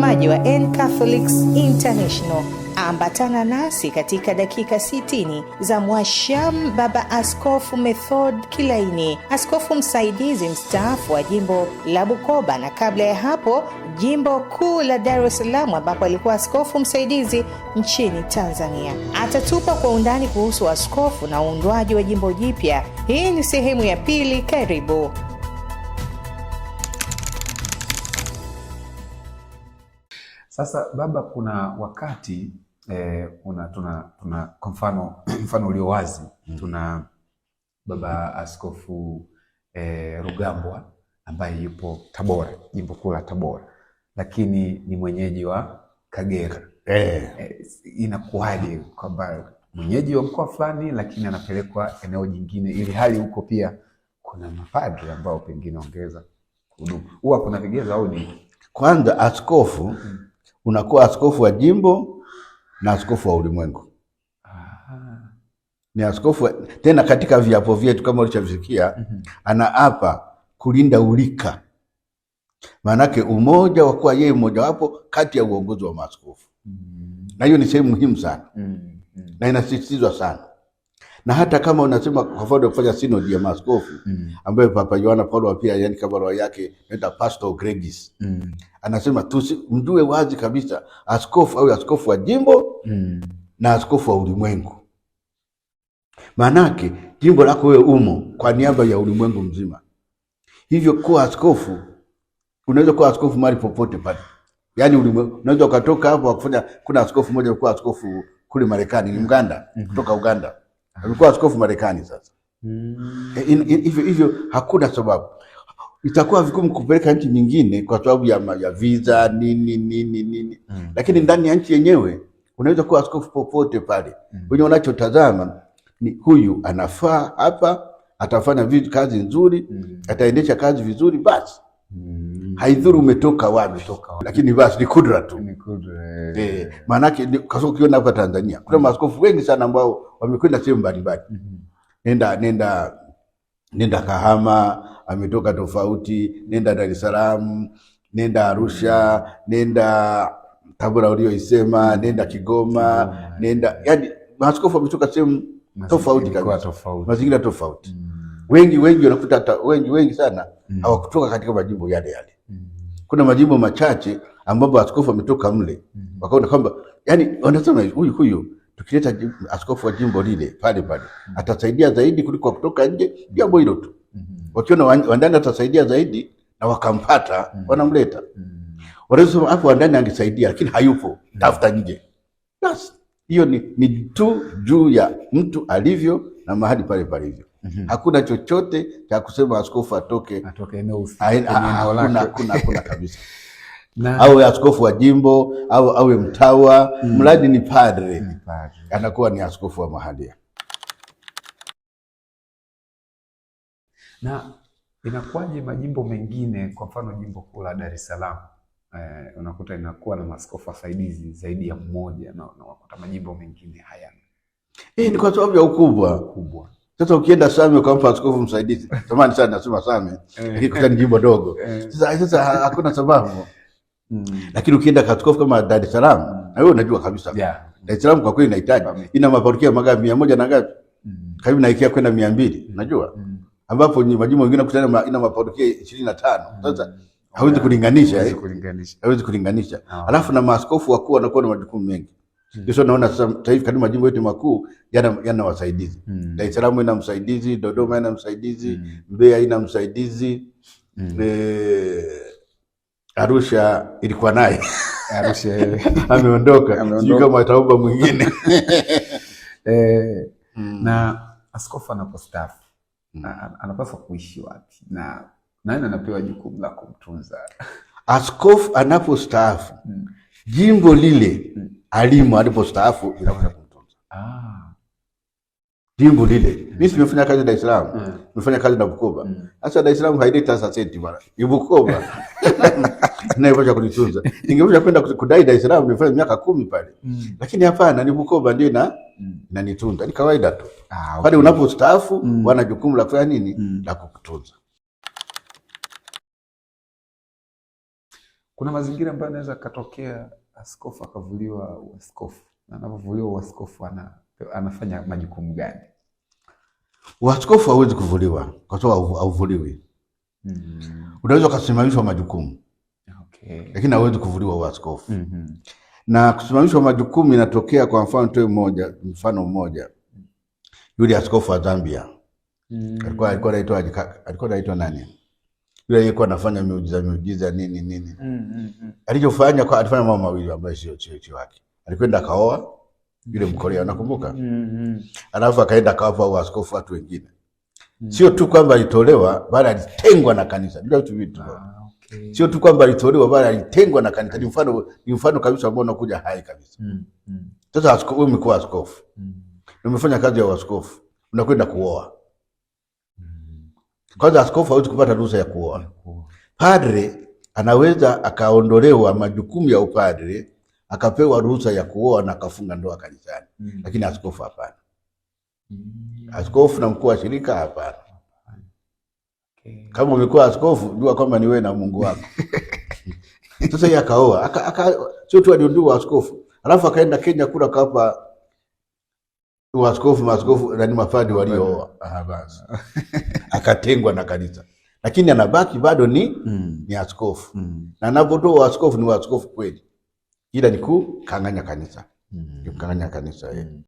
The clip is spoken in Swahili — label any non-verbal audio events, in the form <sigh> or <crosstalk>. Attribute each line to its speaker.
Speaker 1: mtazamaji wa N Catholics International, ambatana nasi katika dakika 60 za mwasham Baba Askofu Method Kilaini, askofu msaidizi mstaafu wa jimbo la Bukoba, na kabla ya hapo jimbo kuu la Dar es Salaam, ambapo alikuwa askofu msaidizi nchini Tanzania. Atatupa kwa undani kuhusu askofu na uundwaji wa jimbo jipya. Hii ni sehemu ya pili. Karibu.
Speaker 2: Sasa baba, kuna wakati eh, una, tuna, tuna kwa mfano <clears throat> mfano ulio wazi mm. tuna baba askofu eh, Rugambwa ambaye yupo Tabora, jimbo kuu la Tabora, lakini ni mwenyeji wa Kagera eh. Eh, inakuwaje kwamba mwenyeji wa mkoa fulani lakini anapelekwa eneo jingine, ili hali huko pia kuna mapadri ambao pengine ongeza kuhudumu, huwa kuna vigezo au ni
Speaker 3: kwanza askofu mm unakuwa askofu wa jimbo na askofu wa ulimwengu. Ni askofu wa... tena katika viapo vyetu kama ulichosikia mm -hmm. Anaapa kulinda ulika, maanake umoja wa kuwa yeye mmojawapo kati ya uongozi wa maaskofu mm -hmm. Na hiyo ni sehemu muhimu sana mm -hmm. Na inasisitizwa sana na hata kama unasema kwa mfano kufanya synod ya maaskofu mm. ambaye Papa Yohana Paulo wa pia yani kama roho yake naita Pastor Gregis mm. anasema tusi, tumjue wazi kabisa askofu au askofu wa jimbo mm. na askofu wa ulimwengu. Maanake jimbo lako wewe umo kwa niaba ya ulimwengu mzima, hivyo kuwa askofu, unaweza kuwa askofu mahali popote pale, yani ulimwengu unaweza ukatoka hapo kufanya. Kuna askofu mmoja alikuwa askofu kule Marekani, ni Mganda mm -hmm. kutoka Uganda mm Amekuwa ah. askofu Marekani sasa hmm. eh, hivyo. hivyo hakuna sababu itakuwa vigumu kupeleka nchi nyingine kwa sababu ya, ya visa nini nini nini mm. Lakini ndani ya nchi yenyewe unaweza kuwa askofu popote pale mm. Wenye unachotazama ni huyu anafaa hapa, atafanya vizu, kazi nzuri mm. Ataendesha kazi vizuri basi Mm. Haidhuru umetoka wapi, lakini basi ni kudra tu, ni kudra eh. Eh, maanake kaso. Ukiona hapa Tanzania kuna mm. maaskofu wengi sana ambao wamekwenda sehemu mbalimbali. mm -hmm. Nenda nenda nenda Kahama, ametoka tofauti. Nenda Dar es Salaam, nenda Arusha, nenda Tabora ulioisema, mm. nenda Kigoma. mm -hmm. Nenda yani maaskofu wametoka sehemu tofauti kabisa, mazingira tofauti. mm -hmm wengi wengi wanakuta hata wengi wengi sana mm. hawakutoka katika majimbo yale yale mm. kuna majimbo machache ambapo askofu ametoka mle mm. wakaona kwamba yani, wanasema huyu huyu tukileta askofu wa jimbo lile pale pale mm. atasaidia zaidi kuliko kutoka nje, jambo hilo tu mm wakiona wandani atasaidia zaidi na wakampata mm. wanamleta mm. wanaweza kusema hapo wandani angesaidia lakini hayupo, mm. tafuta nje. Basi hiyo ni, ni tu juu ya mtu alivyo na mahali pale hivyo. mm -hmm. Hakuna chochote cha kusema askofu atoke
Speaker 2: atoke eneo
Speaker 3: hakuna kabisa <laughs> na, au askofu wa jimbo au awe mtawa mm. Mradi ni padre padre anakuwa ni askofu wa mahali
Speaker 2: na inakuwaje majimbo mengine? Kwa mfano jimbo kuu la Dar es Salaam eh, unakuta inakuwa na maskofu wasaidizi zaidi ya mmoja, na unakuta majimbo mengine hayana
Speaker 3: Eh, ni kwa sababu ya ukubwa. kubwa. Sasa ukienda Same ukampa askofu msaidizi. Tamani <laughs> sana nasema Same, eh. lakini ni jimbo dogo. Eh. Sasa sasa hakuna sababu. Mm. Lakini ukienda askofu kama Dar es Salaam, hmm. na wewe unajua kabisa. Yeah. Dar es Salaam kwa kweli inahitaji. Ina maparokia magari mia moja na ngapi? Mm. Karibu naikia kwenda mia mbili, hmm. unajua? Mm. Ambapo ni majimbo mengine kutana ina maparokia ishirini na tano. Hmm. Sasa eh? hawezi kulinganisha, hawezi kulinganisha. Hawezi ah. kulinganisha. Alafu na maaskofu wakuu wanakuwa na majukumu mengi. Mm. Ndio sasa naona sasa hivi karibu majimbo yetu makuu yana yana wasaidizi. Mm. Dar es Salaam ina msaidizi, Dodoma ina msaidizi, mm. Mbeya ina msaidizi. Mm. E, Arusha ilikuwa naye. <laughs> Arusha yeye eh. <laughs> ameondoka. Sio kama ataomba mwingine. <laughs>
Speaker 2: eh, mm. na askofu anapostaafu mm. anapaswa kuishi wapi na nani anapewa jukumu la kumtunza
Speaker 3: askofu anapostaafu? mm. jimbo lile mm alimu alipostaafu inakwenda kumtunza. Ah. Jimbo lile. Mm. Mimi nimefanya kazi Dar es Salaam. Mm. Nimefanya kazi na Bukoba. Mm. Sasa mm. Dar es Salaam haidai tasa senti bwana. Ni Bukoba. <laughs> Na Naipasha kunitunza. Ningependa kwenda kudai Dar es Salaam nimefanya miaka kumi pale. Mm. Lakini hapana ni Bukoba ndio na mm. na nitunza. Ni kawaida tu. Ah, okay. Pale unapostaafu mm. wana jukumu la kufanya nini? Mm. La kukutunza.
Speaker 2: Kuna mazingira ambayo yanaweza katokea askofu akavuliwa uaskofu, na anapovuliwa uaskofu ana, anafanya majukumu gani?
Speaker 3: Uaskofu hawezi kuvuliwa kwa sababu hauvuliwi. mm Unaweza ukasimamishwa majukumu okay, lakini hawezi kuvuliwa uaskofu. mm -hmm. Na kusimamishwa majukumu inatokea, kwa mfano toe mmoja, mfano mmoja, yule askofu wa Zambia mm alikuwa alikuwa anaitwa alikuwa anaitwa nani yule aliyekuwa anafanya miujiza miujiza nini nini mm, mm, mm. Alichofanya kwa alifanya mambo mawili ambayo sio cheo yake. alikwenda akaoa yule mm. Mkorea nakumbuka, mm, mm. Alafu akaenda akawapa askofu watu wengine mm. Sio tu kwamba alitolewa, bali alitengwa na kanisa bila vitu vitu ah. Okay. Sio tu kwamba alitolewa bali alitengwa na kanisa. Ni mfano ni mfano kabisa ambao unakuja hai kabisa. Mm. mm. Sasa askofu wewe askofu. Mm. Umefanya kazi ya askofu. Unakwenda kuoa. Kwanza askofu hawezi kupata ruhusa ya kuoa. Padre anaweza akaondolewa majukumu ya upadre akapewa ruhusa ya kuoa na akafunga ndoa kanisani mm. Lakini askofu hapana mm. Askofu na mkuu wa shirika hapana okay. Kama umekuwa askofu jua kwamba ni wewe na Mungu wako <laughs> sasa. Yeye akaoa sio tu aliondoa askofu, alafu akaenda Kenya kula kapa Waskofu maskofu nani mafadi waliooa basi <laughs> akatengwa na kanisa, lakini anabaki bado ni mm. ni askofu mm. na anapotoa waskofu ni waskofu kweli, ila ni kukanganya kanisa mm. kukanganya kanisa eh. mm.